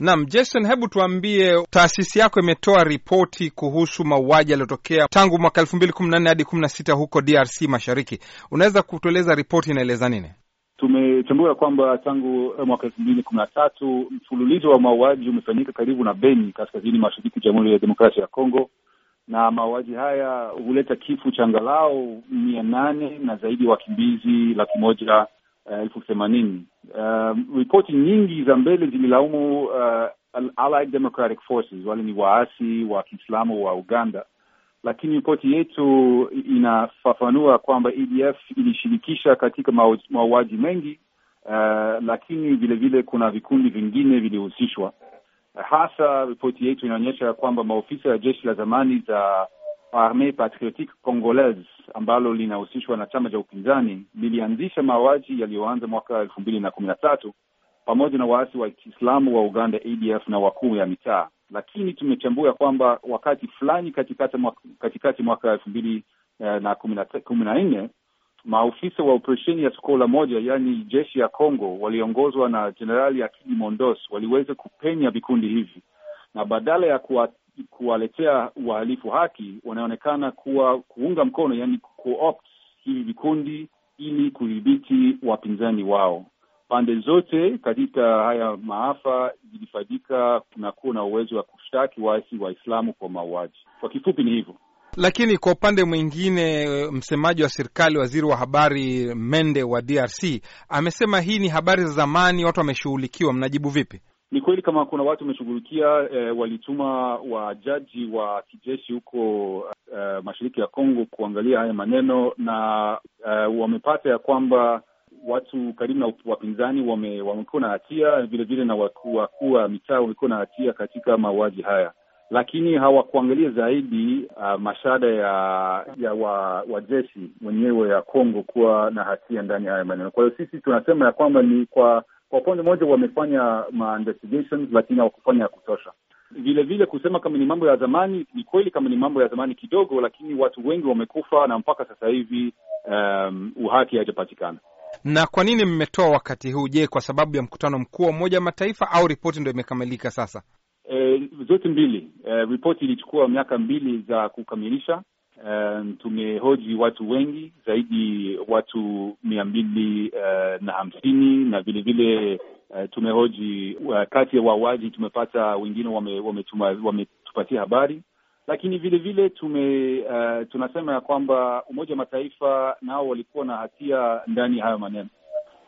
Nam Jason, hebu tuambie, taasisi yako imetoa ripoti kuhusu mauaji yaliyotokea tangu mwaka elfu mbili kumi na nne hadi kumi na sita huko DRC Mashariki. Unaweza kutueleza ripoti inaeleza nini? Tumechambua kwamba tangu eh, mwaka elfu mbili kumi na tatu mfululizo wa mauaji umefanyika karibu na Beni, kaskazini mashariki Jamhuri ya Demokrasia ya Kongo, na mauaji haya huleta kifo cha angalau mia nane na zaidi ya wakimbizi laki moja Eh, elfu themanini. Uh, ripoti nyingi za mbele zililaumu uh, eh, Allied Democratic Forces, wale ni waasi wa Kiislamu wa Uganda, lakini ripoti yetu inafafanua kwamba ADF e ilishirikisha katika mauaji mengi uh, lakini vilevile kuna vikundi vingine vilihusishwa. Hasa ripoti yetu inaonyesha kwamba maofisa ya jeshi la zamani za Armee Patriotique Congolaise ambalo linahusishwa na chama cha upinzani lilianzisha mauaji yaliyoanza mwaka elfu mbili na kumi na tatu pamoja na waasi wa Kiislamu wa Uganda ADF na wakuu ya mitaa, lakini tumechambua kwamba wakati fulani katikati mwaka, katikati mwaka elfu mbili eh, na kumi na nne maofisa wa operesheni ya Sokola moja yaani jeshi ya Congo waliongozwa na Jenerali Akili Mondos waliweza kupenya vikundi hivi na badala ya kuwa, kuwaletea wahalifu haki wanaonekana kuwa kuunga mkono, yani hivi vikundi ili kudhibiti wapinzani wao. Pande zote katika haya maafa zilifaidika na kuwa na uwezo wa kushtaki waasi Waislamu kwa mauaji. Kwa kifupi ni hivyo. Lakini kwa upande mwingine, msemaji wa serikali, waziri wa habari Mende wa DRC amesema hii ni habari za zamani, watu wameshughulikiwa. Mnajibu vipi? Ni kweli kama kuna watu wameshughulikia, e, walituma wajaji wa kijeshi huko e, mashariki ya Kongo kuangalia haya maneno na e, wamepata ya kwamba watu karibu na wapinzani wame, wamekuwa na hatia vilevile, na wakuu wa mitaa wamekuwa na hatia katika mauaji haya, lakini hawakuangalia zaidi uh, mashada ya ya wa, wajeshi wenyewe ya Kongo kuwa na hatia ndani ya haya maneno. Kwa hiyo sisi tunasema ya kwamba ni kwa kwa upande mmoja wamefanya ma investigations lakini hawakufanya ya kutosha. Vile vile kusema kama ni mambo ya zamani, ni kweli kama ni mambo ya zamani kidogo, lakini watu wengi wamekufa na mpaka sasa hivi um, uhaki haijapatikana. Na kwa nini mmetoa wakati huu? Je, kwa sababu ya mkutano mkuu wa Umoja wa Mataifa au ripoti ndo imekamilika sasa? E, zote mbili. E, ripoti ilichukua miaka mbili za kukamilisha. E, tumehoji watu wengi zaidi watu mia mbili uh, na hamsini na vilevile uh, eh, tumehoji uh, kati ya wauaji tumepata wengine wametupatia wame wame habari, lakini vilevile tume uh, tunasema ya kwamba Umoja wa Mataifa nao walikuwa na hatia ndani ya hayo maneno.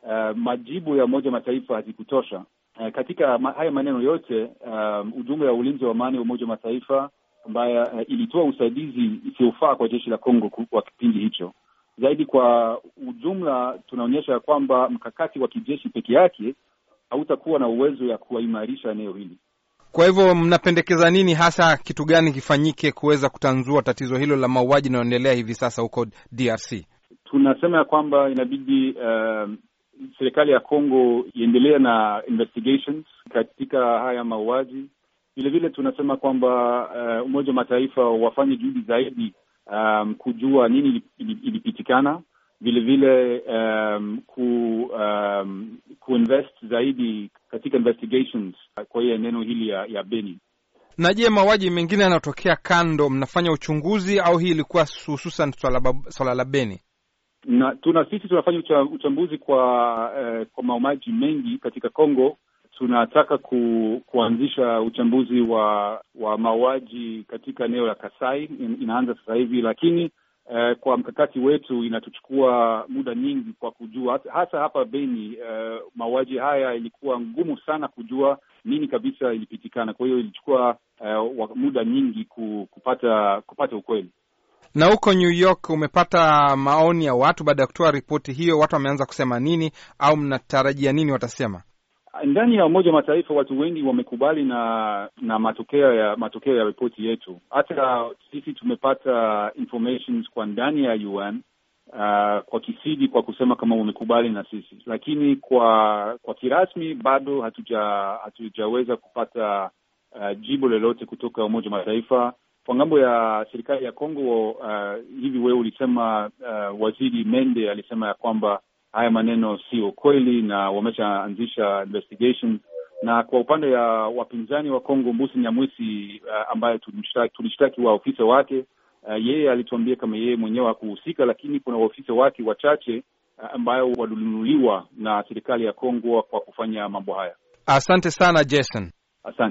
Uh, majibu ya Umoja wa Mataifa hazikutosha uh, katika ma haya maneno yote. Um, ujumbe ulinzi wa amani wa Umoja wa Mataifa ambayo uh, ilitoa usaidizi isiyofaa kwa jeshi la Kongo kwa kipindi hicho zaidi kwa ujumla, tunaonyesha ya kwamba mkakati wa kijeshi peke yake hautakuwa na uwezo ya kuwaimarisha eneo hili. Kwa hivyo mnapendekeza nini hasa, kitu gani kifanyike kuweza kutanzua tatizo hilo la mauaji inayoendelea hivi sasa huko DRC? Tunasema ya kwamba inabidi uh, serikali ya Kongo iendelee na investigations katika haya mauaji. Vilevile tunasema kwamba uh, Umoja wa Mataifa wafanye juhudi zaidi um, kujua nini ili, wasichana vilevile vile, um, ku, um, kuinvest zaidi katika investigations kwa hiyo neno hili ya, ya Beni. Na je, mauaji mengine yanayotokea kando, mnafanya uchunguzi au hii ilikuwa hususan swala la Beni? Na tuna sisi tunafanya uchambuzi kwa eh, kwa mauaji mengi katika Kongo. Tunataka ku, kuanzisha uchambuzi wa wa mauaji katika eneo la Kasai in, inaanza sasa hivi, lakini eh, kwa mkakati wetu inatuchukua muda nyingi kwa kujua, hasa hapa Beni. Eh, mauaji haya ilikuwa ngumu sana kujua nini kabisa ilipitikana, kwa hiyo ilichukua eh, muda nyingi kupata kupata ukweli. Na huko New York umepata maoni ya watu baada ya kutoa ripoti hiyo, watu wameanza kusema nini, au mnatarajia nini watasema? ndani ya Umoja wa Mataifa watu wengi wamekubali na na matokeo ya matokeo ya ripoti yetu. Hata sisi tumepata informations kwa ndani ya UN uh, kwa kisidi kwa kusema kama wamekubali na sisi, lakini kwa kwa kirasmi bado hatuja hatujaweza kupata uh, jibu lolote kutoka Umoja wa Mataifa kwa ngambo ya serikali ya Kongo. Uh, hivi wewe ulisema uh, waziri Mende alisema ya kwamba haya maneno sio kweli na wameshaanzisha investigation. Na kwa upande ya wapinzani wa Kongo, Mbusi Nyamwisi uh, ambaye tulishtaki waofisa wake uh, yeye alituambia kama yeye mwenyewe hakuhusika, lakini kuna waofisa wake wachache uh, ambayo walinunuliwa na serikali ya Kongo kwa kufanya mambo haya. Asante sana Jason. Asante.